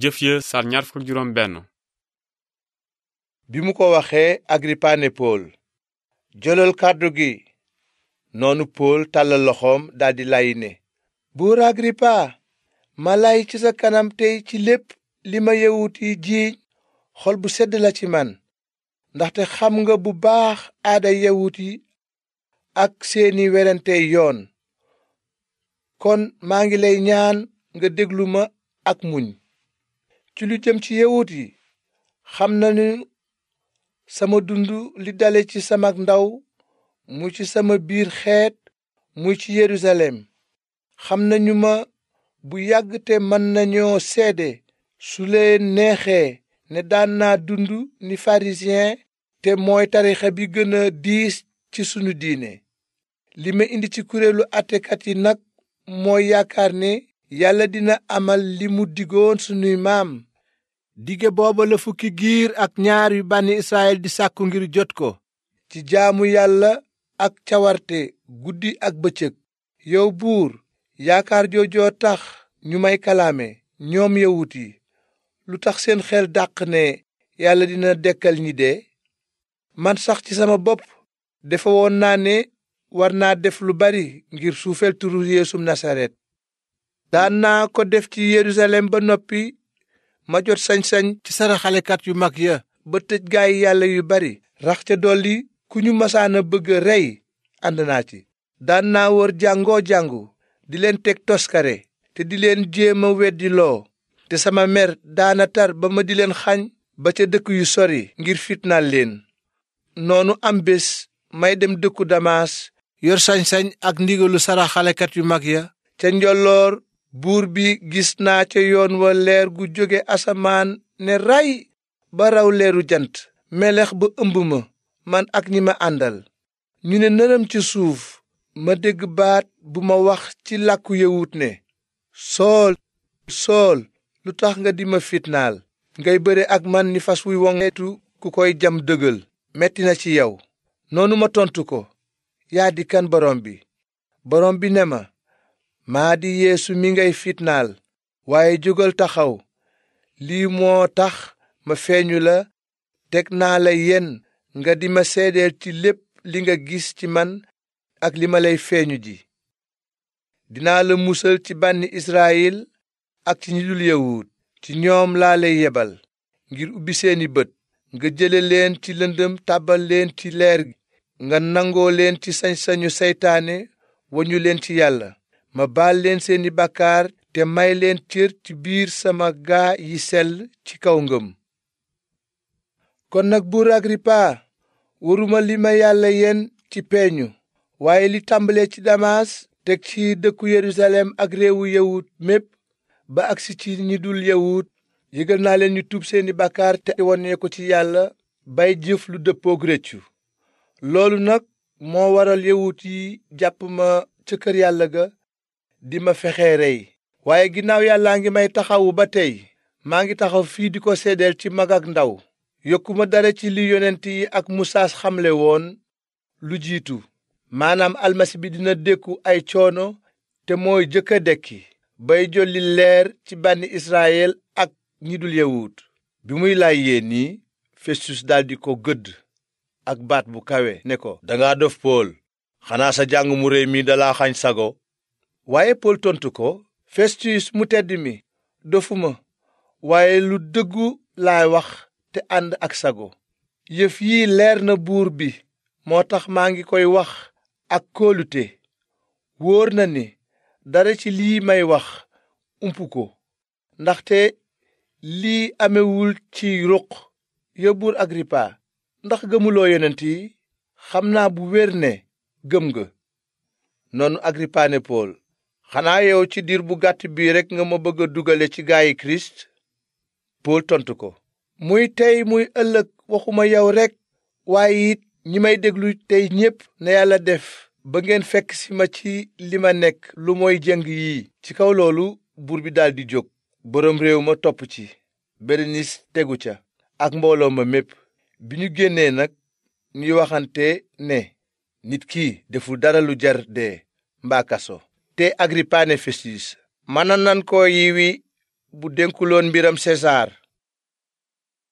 jëf ya sar ñaar bi mu ko waxee agripa ne pool jëlal kàddu gi noonu pool tàllal loxoom daldi lay ne buur agripa ma lay ci sa kanam tey ci lépp li ma yawut yi jiiñ xol bu sedd la ci man ndaxte xam nga bu baax aada yawut yi ak seeni werante yoon kon maa ngi lay ñaan nga déglu ma ak muñ ci lu jëm ci yawut yi xam nañu sama dund li dale ci sama ndaw mu ci sama biir xeet muy ci yérusalem xam nañu ma bu yàgg te mën nañoo seede su leen neexee ne daan naa dund ni pharisien te mooy tarixa bi gëna diis ci sunu diine li ma indi ci kuréelu àttekat yi nag mooy yaakaar ne yàlla dina amal li mu digoon sunuy maam dige boobo la fukki giir ak ñaar yu bànni Israyil di sàkku ngir jot ko ci jaamu yàlla ak cawarte guddi ak bëcëg yow buur yaakaar joojoo tax ñu may kalaame ñoom yawut yi lu tax seen xel dàq ne yàlla dina dekkal ñi de man sax ci sama bopp dafa woon naa ne war naa def lu bari ngir suufeel turu yeesum nasaret daan naa ko def ci yerusalem ba noppi ma jot sañsañ sañ ci saraxalekat yu mag ya ba tëj gaay yàlla yu bari rax ca dolli ku ñu masaana bëgg a rey ànd naa ci daan naa wër jàngoo jàngu di leen teg toskare te di leen jéem a weddiloo te sama mer daana tar ba ma di leen xañ ba ca dëkk yu sori ngir fitnaal leen noonu am bés may dem dëkku damaas yor sañ-sañ ak ndigalu saraxalekat yu mag ya ca njolloor buur bi gis naa ca yoon wa leer gu jóge asamaan ne ray ba raw leeru jant melex ba ëmb ma man ak ñi ma àndal ñu ne nëram ci suuf ma dégg baat bu ma wax ci làkku yawut ne sool sool lu tax nga di ma fitnaal ngay bëre ak man ni fas wuy woŋeetu ku koy jam dëggal metti na ci yow noonu ma tontu ko yaa di kan borom bi borom bi ne ma maa di yéesu mi ngay fitnaal waaye jógal taxaw lii moo tax ma feeñu la teg naa la yen nga di ma seedeel ci lépp li nga gis ci man ak li ma lay feeñu ji dinaa la musal ci bànni israyil ak ci ñi dul ci ñoom laa lay yebal ngir ubbi seeni bët nga jële leen ci lëndëm tàbbal leen ci leer gi nga nangoo leen ci sañ-sañu seytaane wañu leen ci yàlla ma baal leen seeni bakkaar te may leen cër ci biir sama gaa yi sel ci kaw ngëm kon nag buur agripa waruma li ma yàlla yen ci peeñu waaye li tàmbalee ci damaas teg ci dëkku yerusalem ak réewu yawut mépp ba agsi ci ñi dul yawut yëgal naa leen ñu tuub seeni bakkaar te wone ko ci yàlla bay jëf lu dëppook rëccu loolu nag moo waral yawut yi jàpp ma ca kër yàlla ga di ma fexe rey waaye ginnaaw yàllaa ngi may taxawu ba tey maa ngi taxaw fii di ko seedeel ci mag ak ndaw yokkuma dara ci li yonent yi ak musa xamle woon lu jiitu maanaam almasi bi dina dékku ay coono te mooy jëkk a dekki bay jolli leer ci bànni israyel ak ñi dul yawut bi muy laay yéen nii festus di ko gëdd ak baat bu kawe ne ko danga dof pool xanaa sa jàng mu réy mi dala xañ sago waaye Pool tontu ko Festus mu tedd mi dofuma waaye lu dëggu laay wax te ànd ak sago yëf yi leer na buur bi moo tax maa ngi koy wax ak kóolute wóor na ni dara ci lii may wax ump ko ndaxte lii amewul ci ruq yóbbur Agrippa ndax gëmuloo yonent yi xam naa bu wér ne gëm nga noonu Agrippa ne Pool xanaa yow ci diir bu gàtt bii rekk nga ma bëgg a ci gaayi kirist pool tontu ko muy tey muy ëllëg waxuma yow rek waaye it ñi may déglu tey ñépp na yàlla def ba ngeen fekk si ma ci li ma nekk lu mooy jëng yi ci kaw loolu buur bi di jóg boroom réew ma topp ci berenis tegu ca ak mbooloo ma mépp bi ñu génnee nag ñuy waxante ne nit ki deful dara lu jar dee mbaa kaso te agrippa ne festus mën nan ko yiwi bu dénkuloon mbiram sesaar